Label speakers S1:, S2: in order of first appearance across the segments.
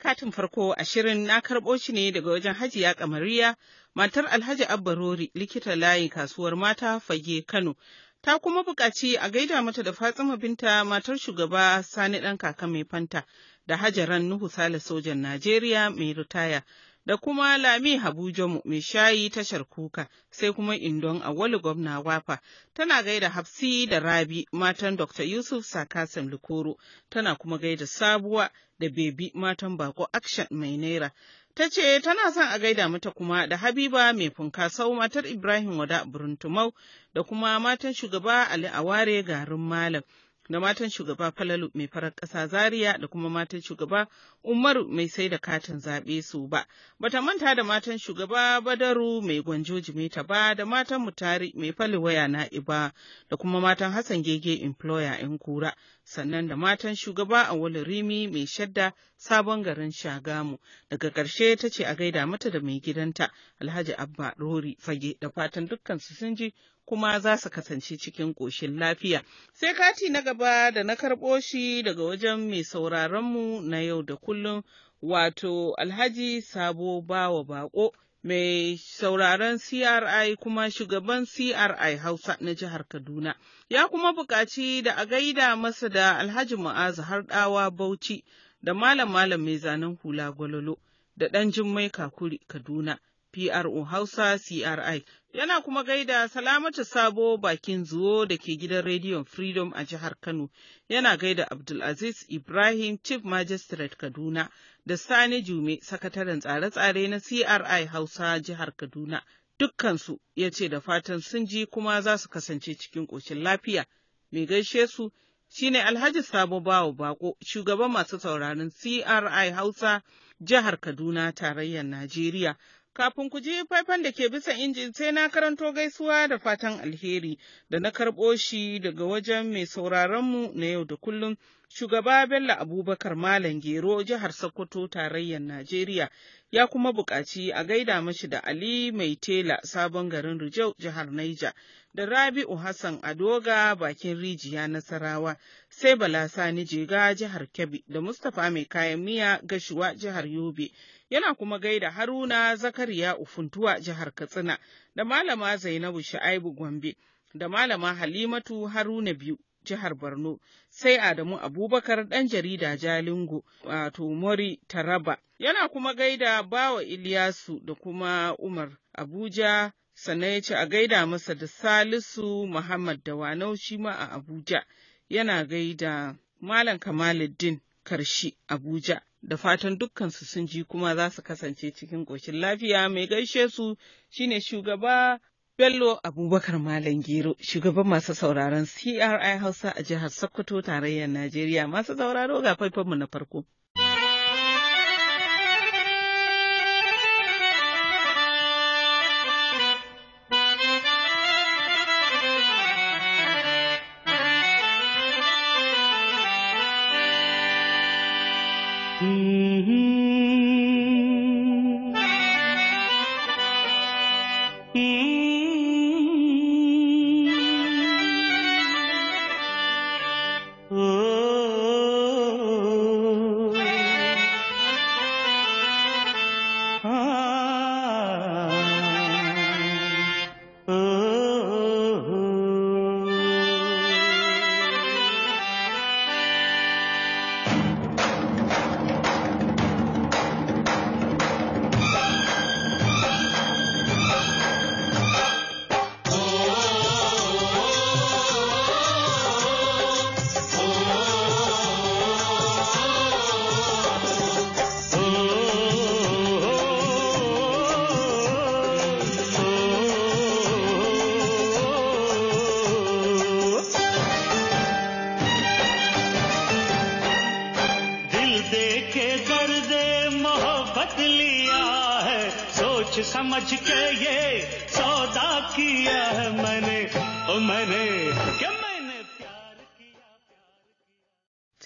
S1: Katin farko ashirin na karɓo shi ne daga wajen Hajiya Kamariya, matar Alhaji Abbarori, likita layi, kasuwar mata Fage Kano. Ta kuma buƙaci a gaida mata da Fatsima Binta matar shugaba Sani ɗan kaka mai fanta da Hajaran Nuhu Sale sojan Najeriya mai ritaya da kuma Lami Habujomu mai shayi tashar kuka sai kuma Indon Auwalu gwamna wafa tana gaida Hafsi da Rabi matan Dr. Yusuf Sakasan Lukoro tana kuma gaida Sabuwa da Bebi matan Bako Action mai naira. Ta ce tana son a gaida mata kuma da Habiba mai funkasau matar Ibrahim Wada Buruntumau da kuma matan shugaba Ali Aware garin Malam. da matan shugaba Falalu mai farar ƙasa Zaria da kuma matan shugaba Umaru mai sai da katin zaɓe su ba. Bata manta da matan shugaba Badaru mai gwanjo Jimeta ba da matan Mutari mai fali waya na'iba da kuma matan Hassan Gege employer in kura. sannan da matan shugaba a Rimi mai shadda sabon garin Shagamu. Daga ƙarshe ta ce a gaida mata da mai gidanta Alhaji Abba Rori Fage da fatan dukkan su sun ji kuma za su kasance cikin ƙoshin lafiya. Sai kati na gaba da na karɓo shi daga wajen mai sauraronmu na yau da kullum wato Alhaji Sabo Bawa Bako mai sauraron CRI kuma shugaban CRI Hausa na jihar Kaduna, ya kuma buƙaci da a gaida masa da Alhaji Mu'azu Harɗawa Bauchi da Malam Malam mai zanen hula gwalolo da ɗan Jummai Kakuri Kaduna PRO Hausa CRI. Yana kuma gaida Salamatu Sabo bakin zuwo da ke gidan rediyon Freedom a jihar Kano. Yana gaida Abdulaziz Ibrahim Chief Magistrate Kaduna da Sani Jume sakataren tsare-tsare na CRI Hausa jihar Kaduna. Dukkansu ya ce da fatan sun ji kuma za su kasance cikin ƙoshin lafiya. Mai gaishe su shine Alhaji Sabo Bawo Bako, shugaban masu sauraron CRI Hausa jihar Kaduna tarayyar Najeriya. Kafin ku ji faifan da ke bisa injin sai na karanto gaisuwa da fatan alheri da na karɓo shi daga wajen mai sauraronmu na yau da kullum Shugaba Bello Abubakar Malam Gero jihar Sokoto tarayyar Najeriya ya kuma buƙaci a gaida mashi da Ali Mai Tela sabon garin Rijau jihar Naija da Rabi'u Hassan Adoga bakin rijiya Nasarawa sai Bala Sani Jega jihar Kebbi da Mustapha Mai kayan miya Gashuwa jihar Yobe. yana kuma gaida Haruna Zakariya Ufuntuwa jihar Katsina da Malama Zainabu Shaibu Gombe da Malama Halimatu Haruna biyu jihar Borno, sai Adamu Abubakar ɗan jarida Jalingo, wato Mori Taraba. Yana kuma gaida Bawa Iliyasu da kuma Umar Abuja, sannan ya ce a gaida masa da Salisu Muhammad Dawanau shi ma a Abuja. Yana gaida Malam Kamaluddin Karshi Abuja. da fatan dukkansu sun ji kuma za su kasance cikin ƙoshin lafiya mai gaishe su shine shugaba Bello Abubakar Malam Gero, shugaban masu sauraron CRI Hausa a jihar Sokoto tarayyar Najeriya. Masu sauraro ga faifanmu na farko.
S2: सोच समझ के ये सौदा
S1: किया है मैंने ओ मैंने क्या मैंने प्यार किया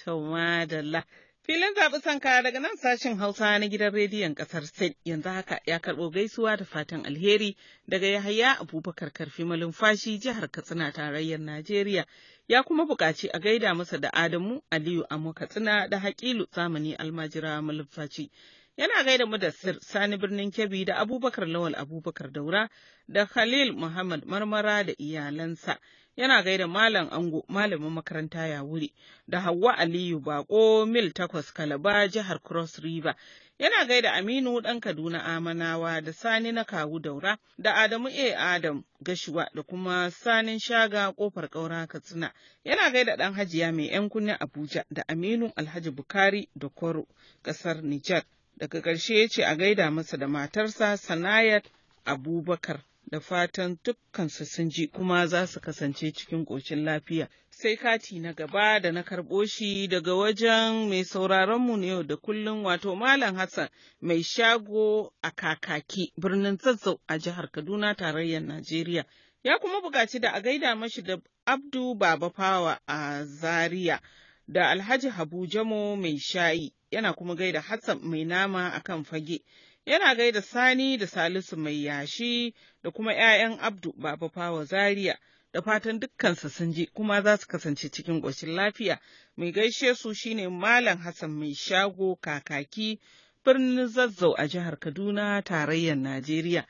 S1: प्यार Filin zaɓi sanka daga nan sashen Hausa na gidan rediyon ƙasar Sin yanzu haka ya karɓo gaisuwa da fatan alheri daga Yahaya Abubakar Karfi Malumfashi jihar Katsina tarayyar Najeriya ya kuma buƙaci a gaida masa da Adamu Aliyu Amo Katsina da Hakilu zamani almajira Malumfashi yana gaida mu da sani birnin kebbi da abubakar lawal abubakar daura da khalil muhammad marmara da iyalansa yana gaida malam ango malamin makaranta ya wuri da hawa aliyu bako mil takwas kalaba jihar cross river yana gaida aminu ɗan kaduna amanawa da sani na kawu daura da adamu a adam gashuwa da kuma sanin shaga kofar ƙaura katsina yana gaida ɗan hajiya mai yan kunya abuja da aminu alhaji bukari da kwaro ƙasar nijar Daga ƙarshe ya ce a gaida masa da matarsa Sanayat Abubakar da fatan dukkansu sun ji kuma za su kasance cikin ƙoshin lafiya. Sai kati na gaba da na karɓo shi daga wajen mai sauraronmu na yau da kullum wato Malam Hassan mai shago a kakaki birnin Zazzau a jihar Kaduna tarayyar Najeriya. Ya kuma buƙaci da a gaida mashi da Abdu Baba Fawa a Zaria da Alhaji Habu Jamo mai shayi yana kuma gaida Hassan mai nama akan fage. Yana gaida Sani da Salisu mai yashi da kuma ‘ya'yan Abdu Baba Fawa Zaria da fatan dukkansa sun ji kuma za su kasance cikin ƙoshin lafiya. Mai gaishe su shine Malam Hassan mai shago kakaki birnin Zazzau a jihar Kaduna tarayyar Najeriya.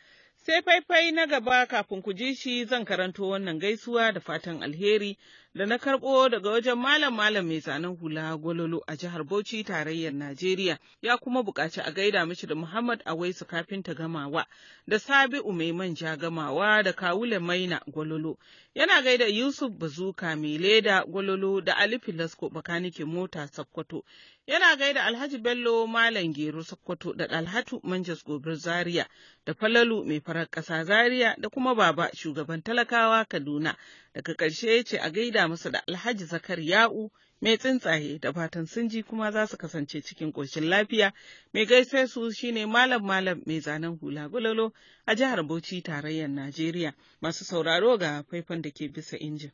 S1: Sai faifai na gaba kafin ku ji shi zan karanto wannan gaisuwa da fatan alheri da na karɓo daga wajen malam malam mai zanen hula gwalolo a jihar Bauchi tarayyar Najeriya ya kuma buƙaci a gaida mishi da Muhammad Awaisu kafinta gamawa da Sabi'u mai manja gamawa da Kawule Maina gwalolo. Yana gaida Yusuf Bazuka mai leda gwalolo da Ali Filasko bakanikin mota Sokoto. Yana gaida Alhaji Bello Malam Gero Sokoto da Alhatu Manjas Gobir Zaria da Falalu mai farar ƙasa Zaria da kuma Baba shugaban talakawa Kaduna. Daga ƙarshe ya ce a gaida gaya musu da Alhaji Zakariya'u mai tsintsaye da fatan sun ji kuma za su kasance cikin ƙoshin lafiya. Mai gaisai su shine Malam Malam mai zanen hula gulolo a jihar Bauchi tarayyar Najeriya. Masu sauraro ga faifan da ke bisa injin.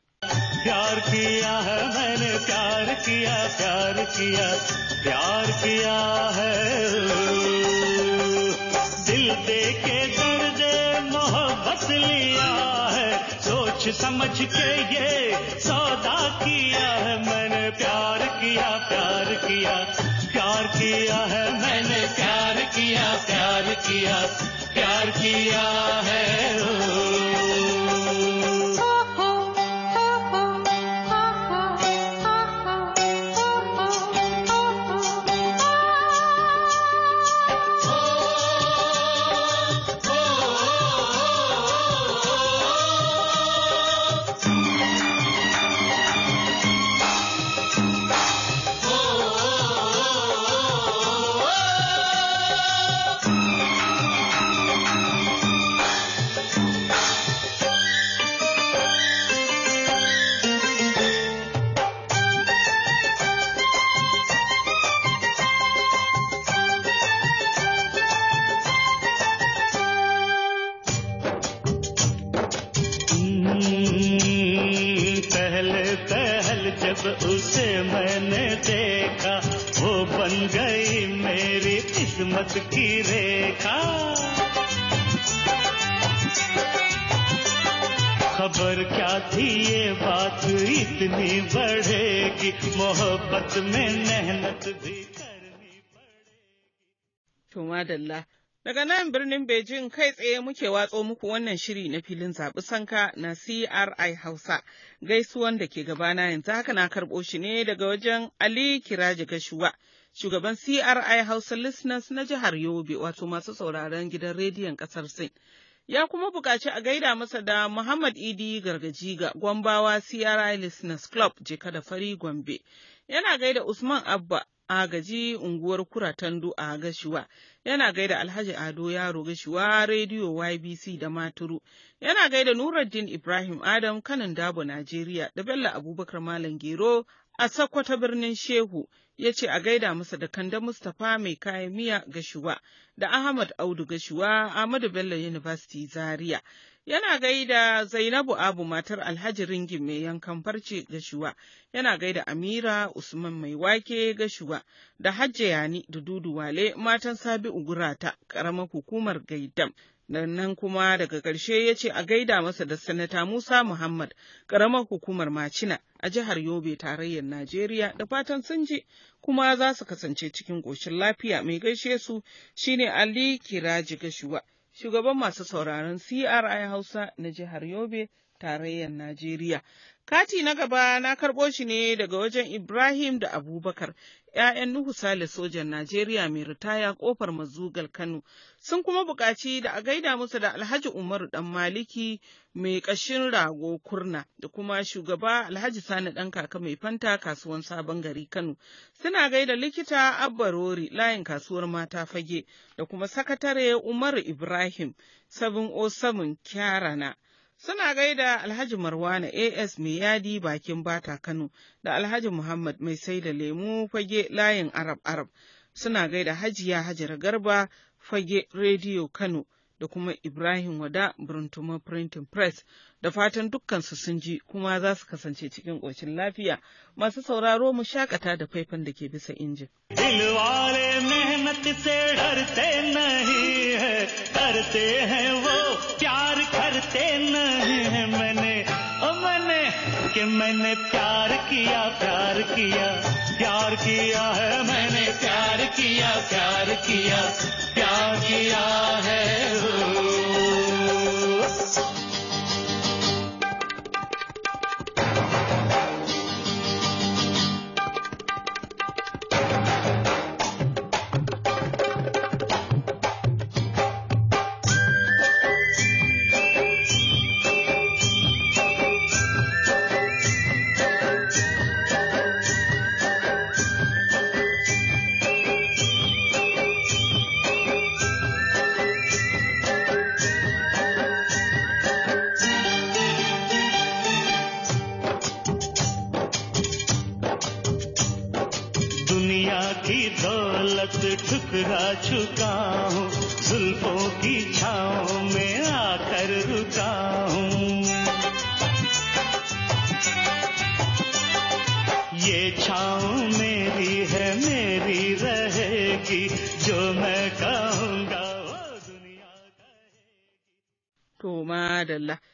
S2: दिल दे सोच समझ के ये सौदा किया है मैंने प्यार किया प्यार किया प्यार किया है मैंने प्यार किया प्यार किया प्यार किया है ओ, मेरी किस्मत की रेखा खबर क्या थी ये बात इतनी बढ़ेगी
S1: मोहब्बत में मेहनत भी करनी पड़ेगी Daga nan birnin Beijing kai tsaye muke watso muku wannan shiri na filin zaɓi sanka na CRI Hausa. Gaisuwan da ke gabana yanzu haka na karɓo shi ne daga wajen Ali Kiraji Gashuwa. shugaban CRI Hausa Listeners na jihar Yobe wato masu sauraron gidan rediyon ƙasar Sin. Ya kuma buƙaci a gaida masa da Muhammad Idi Gargajiga Gwambawa CRI Listeners Club jika da fari Gombe. Yana gaida Usman Abba a gaji unguwar Kuratandu a Gashua. yana gaida Alhaji Ado Yaro gashiwa, Rediyo YBC da Maturu, yana gaida Nuruddin Ibrahim Adam kanin Dabo Najeriya da Bello Abubakar Malam Gero a Sokoto birnin Shehu ya ce a gaida masa da Kande Mustapha mai kayan miya gashuwa da Ahmad Audu gashuwa Ahmadu Bello University Zaria. Yana gaida Zainabu Abu matar Alhaji Ringi mai yankan farce gashuwa, yana gaida Amira Usman mai wake gashuwa da Hajjayani da Dudu Wale matan Sabi'u Gurata ƙaramar hukumar Gaidam. nan kuma daga ƙarshe ya ce a gaida masa da sanata Musa Muhammad ƙaramar hukumar Macina a jihar Yobe tarayyar Najeriya da fatan sun je kuma za su kasance cikin ƙoshin lafiya mai gaishe su shine Ali Kiraji Gashuwa shugaban masu sauraron CRI Hausa na jihar Yobe tarayyar Najeriya. Kati na gaba na karɓo shi ne daga wajen Ibrahim da Abubakar 'ya'yan Nuhu Sale sojan Najeriya mai ritaya kofar mazugal Kano sun kuma buƙaci da a gaida musu da Alhaji Umaru Dan Maliki mai ƙashin rago kurna da kuma shugaba Alhaji Sani ɗan kaka mai fanta kasuwan sabon gari Kano. Suna gaida likita Abba Rori layin kasuwar mata fage da kuma sakatare Umaru Ibrahim 707 Kyarana. Suna gaida Alhaji Marwana AS mai yadi bakin bata Kano da Alhaji Muhammad mai sai da lemu fage layin Arab Arab. Suna gaida Hajiya Hajar Garba fage rediyo Kano. da kuma Ibrahim Wada Buruntumo Printing Press da fatan dukkansu sun ji kuma za su kasance cikin ƙoshin lafiya masu sauraro mu shakata da faifan da ke bisa injin.
S2: करते हैं कि मैंने प्यार किया प्यार किया प्यार किया है मैंने प्यार किया प्यार किया प्यार किया है ठुकरा चुका हूँ जुल्फों की छाओ में आकर रुका हूँ ये छाओ मेरी है मेरी रहेगी जो मैं कहूँगा वो
S1: दुनिया कहेगी तो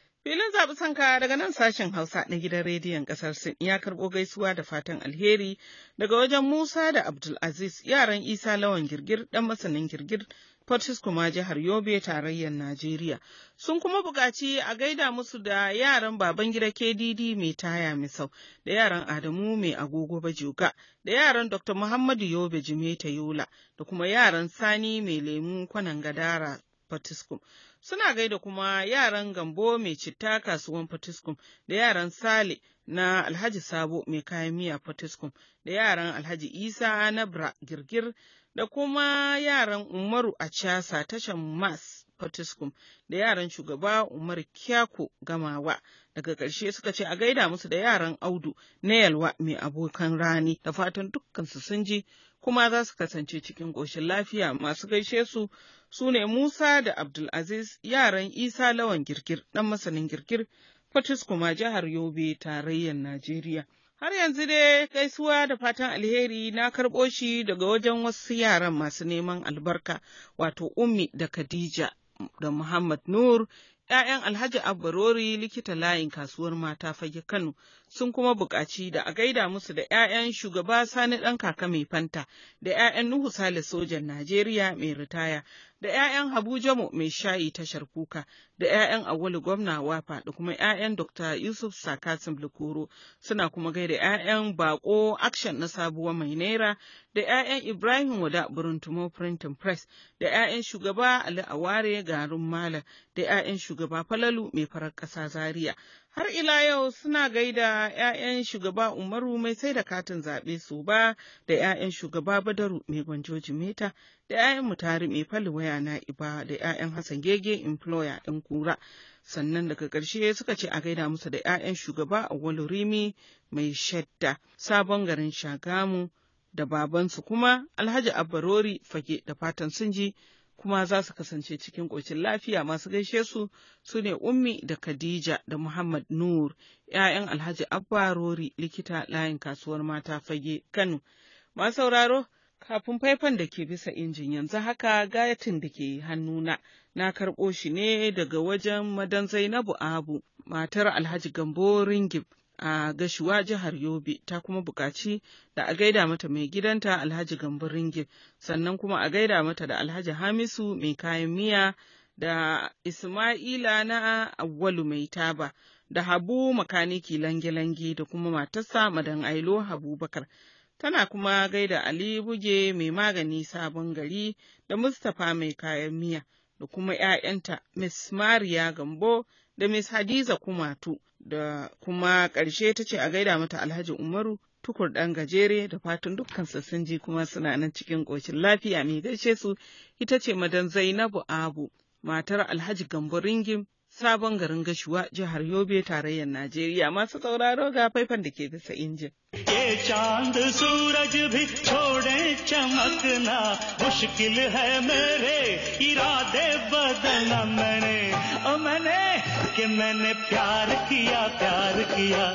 S1: zaɓi sanka daga nan sashen Hausa na gidan rediyon ƙasar Sin ya karɓo gaisuwa da fatan alheri daga wajen Musa da Abdulaziz yaran Isa Lawan Girgir ɗan masanin Girgir Fortis kuma jihar Yobe tarayyar Najeriya. Sun kuma buƙaci a gaida musu da yaran baban gida KDD mai taya mai sau, da yaran Adamu mai agogo bajoga, da yaran Dr. Muhammadu Yobe Jimeta Yola, da kuma yaran Sani mai lemu kwanan gadara Fortiskum. Suna gaida kuma yaran Gambo mai citta kasuwan Fatiskum da yaran Sale na Alhaji Sabo mai kayan miya Fatiskum da yaran Alhaji Isa na Bra Girgir da kuma yaran Umaru a casa tashan Mas Fatiskum da yaran shugaba Umar Kyako Gamawa. Daga ƙarshe suka ce a gaida musu da yaran Audu na Yalwa mai abokan rani da fatan dukkansu sun ji kuma za su kasance cikin ƙoshin lafiya masu gaishe su su ne Musa da Abdulaziz yaran Isa Lawan Girgir ɗan masanin Girgir kuma jihar Yobe tarayyar Najeriya. Har yanzu dai gaisuwa da fatan alheri na karɓo shi daga wajen wasu yaran masu neman albarka wato Ummi da Khadija da Muhammad Nur ‘ya'yan Alhaji Abbarori likita layin kasuwar mata fage Kano sun kuma buƙaci da a gaida musu da 'ya'yan shugaba Sani ɗan kaka mai fanta, da 'ya'yan Nuhu Sale sojan Najeriya mai ritaya, da 'ya'yan Habu Jamo mai shayi tashar kuka, da 'ya'yan Awolu gwamna Wafa da kuma 'ya'yan Dr. Yusuf Sakasim Lukuru suna kuma gaida 'ya'yan baƙo Action na sabuwa mai naira, da 'ya'yan Ibrahim Wada Buruntumo Printing Press, da 'ya'yan shugaba Ali Aware garin Malam, da 'ya'yan shugaba Falalu mai farar ƙasa Zaria. har ila yau suna gaida 'ya'yan shugaba Umaru mai sai da katin zaɓe su ba da 'ya'yan shugaba Badaru mai gwanjoji meta da 'ya'yan mutari mai waya na iba da 'ya'yan Hassan Gege employer ɗin kura. Sannan daga ƙarshe suka ce a gaida musu da 'ya'yan shugaba a Rimi mai shadda sabon garin Shagamu da babansu kuma Alhaji Abbarori fage da fatan sun ji kuma za su kasance cikin ƙocin lafiya masu gaishe su su ne ummi da khadija da muhammad nur 'ya'yan alhaji abba rori likita layin kasuwar mata fage kano masu sauraro kafin faifan da ke bisa injin yanzu haka gayatin da ke hannuna na karɓo shi ne daga wajen madan zainabu abu matar alhaji gambo ringib a gashuwa jihar Yobe ta kuma bukaci da a gaida mata mai gidanta Alhaji Gambo Ringib sannan kuma a gaida mata da Alhaji Hamisu mai kayan miya da Ismaila na Awwalu mai taba da Habu makaniki lange-lange da kuma matarsa Madan Ailo Habu Bakar. Tana kuma gaida Ali Buge mai magani sabon gari da Mustapha mai kayan miya da kuma ‘ya'yanta Miss maria Gambo da Miss Hadiza Kumatu da kuma ƙarshe ta ce a gaida mata Alhaji Umaru tukur ɗan gajere da fatan dukkan sun ji kuma suna nan cikin ƙoshin lafiya mai gaishe su ita ce madan Zainabu Abu matar Alhaji Gambo Ringim sabon garin gashuwa jihar Yobe tarayyar Najeriya masu sauraro ga faifan da ke bisa injin.
S2: ये चांद सूरज भी छोड़े चमकना मुश्किल है मेरे इरादे मैंने ओ मैंने कि मैंने प्यार किया प्यार किया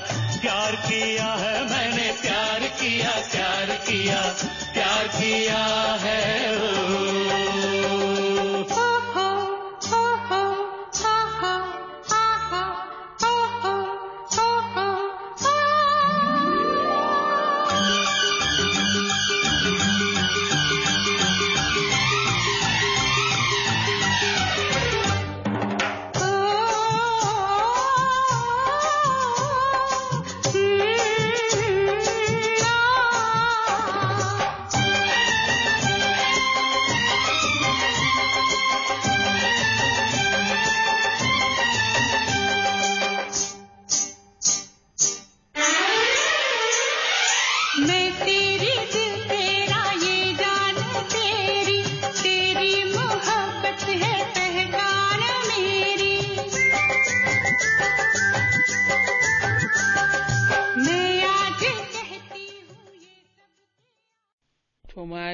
S2: प्यार किया है मैंने प्यार किया प्यार किया प्यार किया है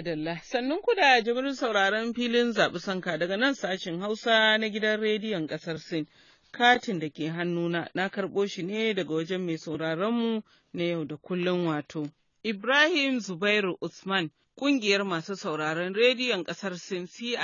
S1: Adalla. sannan ku da jimirin sauraron filin zaɓi sanka daga nan sashin Hausa na gidan rediyon ƙasar Sin. Katin da ke hannuna na karɓo shi ne daga wajen mai sauraronmu na yau da kullum wato. Ibrahim Zubairu Usman, ƙungiyar masu sauraron rediyon ƙasar Sin CRI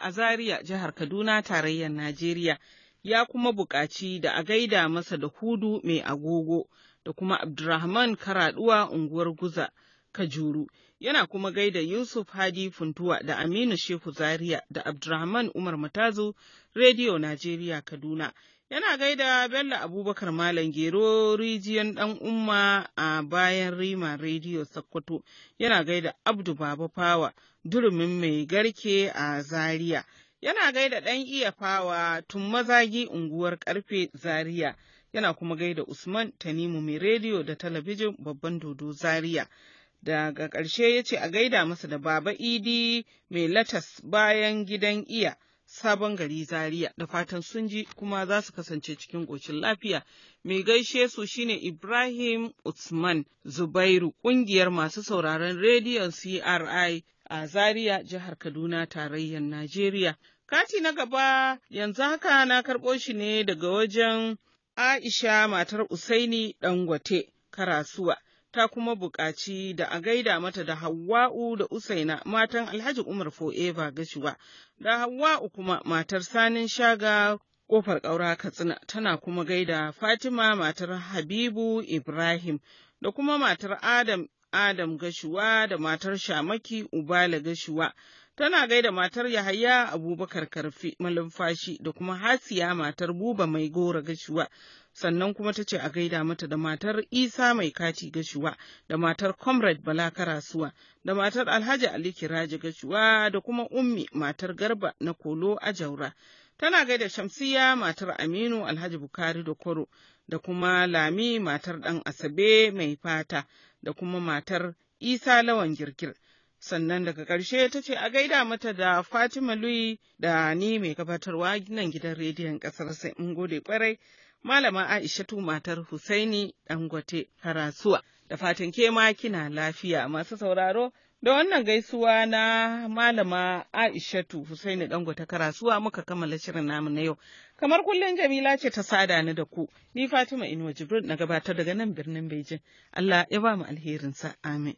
S1: a Zaria, jihar Kaduna, tarayyar Najeriya, ya kuma buƙaci da a gaida masa da hudu mai agogo da kuma Abdurrahman Karaduwa unguwar Guza. Kajuru yana kuma gaida Yusuf Hadi Funtuwa da Aminu Shehu Zaria da Abdurrahman Umar Matazu Radio Najeriya Kaduna. Yana gaida Bello Abubakar Malam Gero Rijiyan Dan Umma a bayan Rima Radio Sokoto. Yana gaida Abdu Baba Fawa Durumin Mai Garke a Zaria. Yana gaida ɗan iya fawa tun mazagi unguwar karfe Zaria. Yana kuma gaida Usman Tanimu mai rediyo da talabijin babban dodo Zaria. Daga ƙarshe ya ce a gaida masa da Baba Idi mai latas bayan gidan iya sabon gari Zaria da fatan sun ji kuma za su kasance cikin ƙoshin lafiya. Mai gaishe su shine Ibrahim Usman Zubairu ƙungiyar masu sauraron rediyon CRI a Zariya, jihar Kaduna tarayyar Najeriya. Kati na gaba yanzu haka na karɓo shi ne daga wajen Aisha matar Usaini Dangote Karasuwa. ta kuma buƙaci da a gaida mata da Hawwa'u da Usaina matan Alhaji Umar Fo'eva Gashuwa, da Hawwa'u kuma matar Sanin Shaga kofar ƙaura Katsina tana kuma gaida Fatima matar Habibu Ibrahim da kuma matar Adam Adam Gashuwa da matar Shamaki Ubala Gashuwa. Tana gaida matar Yahaya Abubakar Karfi Malumfashi da kuma Hasiya matar Buba Mai Gora Gashuwa. sannan kuma ta ce a gaida mata da matar isa mai kati gashuwa da matar comrade bala karasuwa da matar alhaji ali kiraji gashuwa da kuma ummi matar garba na kolo a jaura tana gaida shamsiya matar aminu alhaji bukari da koro da kuma lami matar Dan asabe mai fata da kuma matar isa lawan girgir sannan daga ƙarshe ta ce a gaida mata da fatima lui da ni mai gabatarwa nan gidan rediyon ƙasar sai mun gode kwarai Malama Aishatu matar Husaini Dangote Karasuwa. Da fatan ke ma kina lafiya masu sauraro da wannan gaisuwa na Malama Aishatu Husaini Dangote Karasuwa muka kammala shirin namu na yau. Kamar kullum Jamila ce ta sada ni da ku. Ni Fatima Inuwa Jibril na gabatar daga nan birnin Bejin. Allah ya ba mu alherinsa. Amin.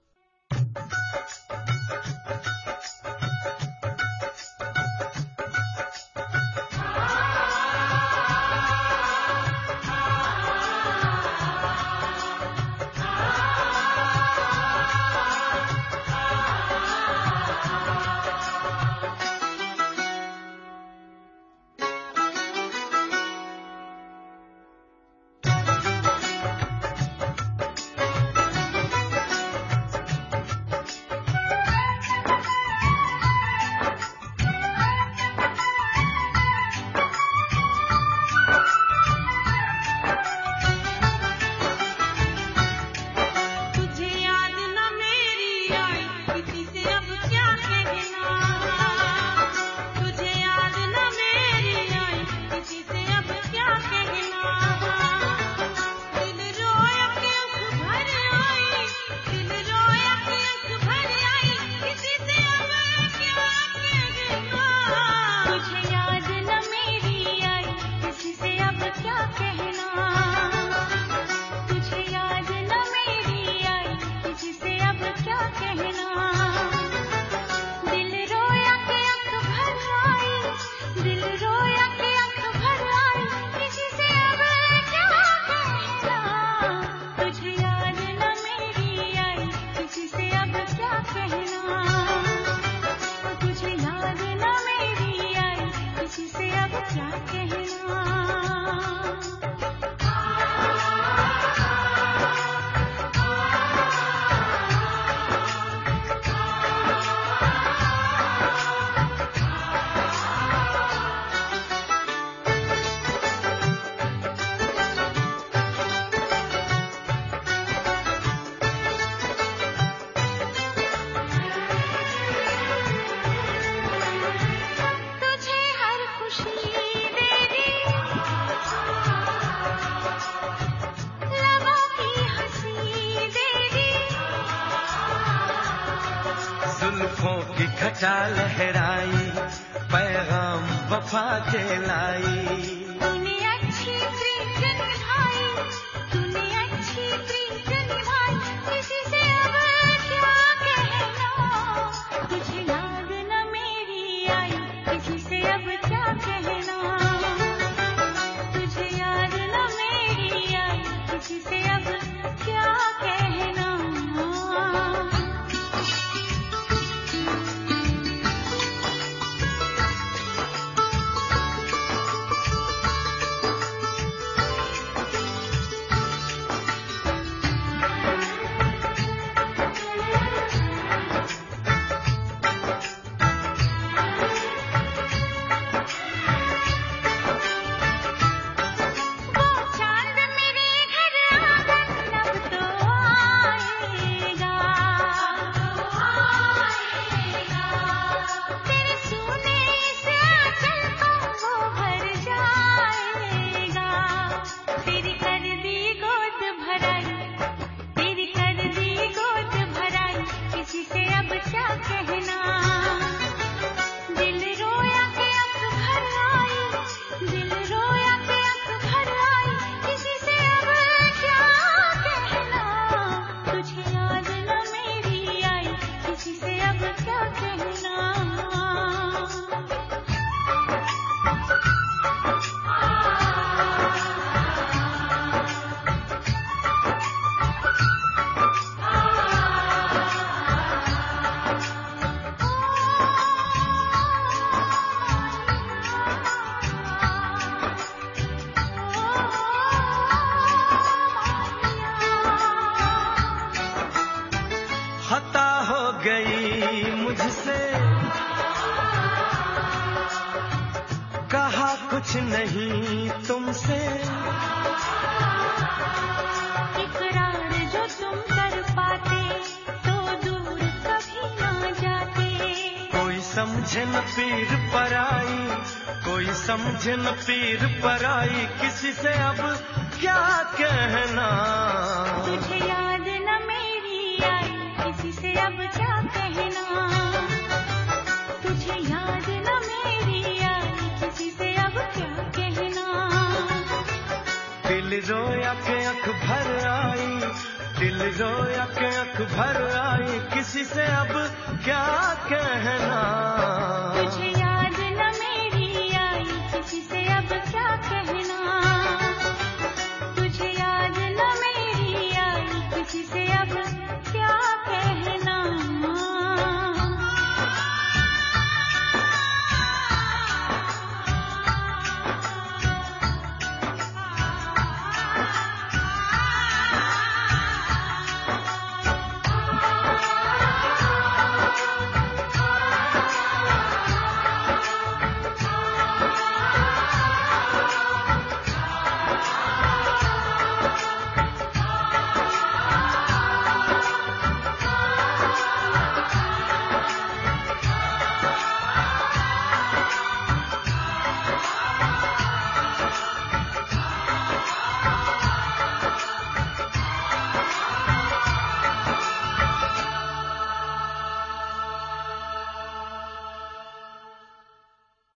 S2: लहराई पैगाम वफा के लाई समझे न पीर पराई कोई समझे न पीर पराई किसी से अब क्या कहना तुझे याद न मेरी आई किसी से अब क्या कहना तुझे याद न मेरी आई किसी से अब क्या कहना दिल रोया के अख भर आई दिल रोया के भर आई किसी से अब क्या कहना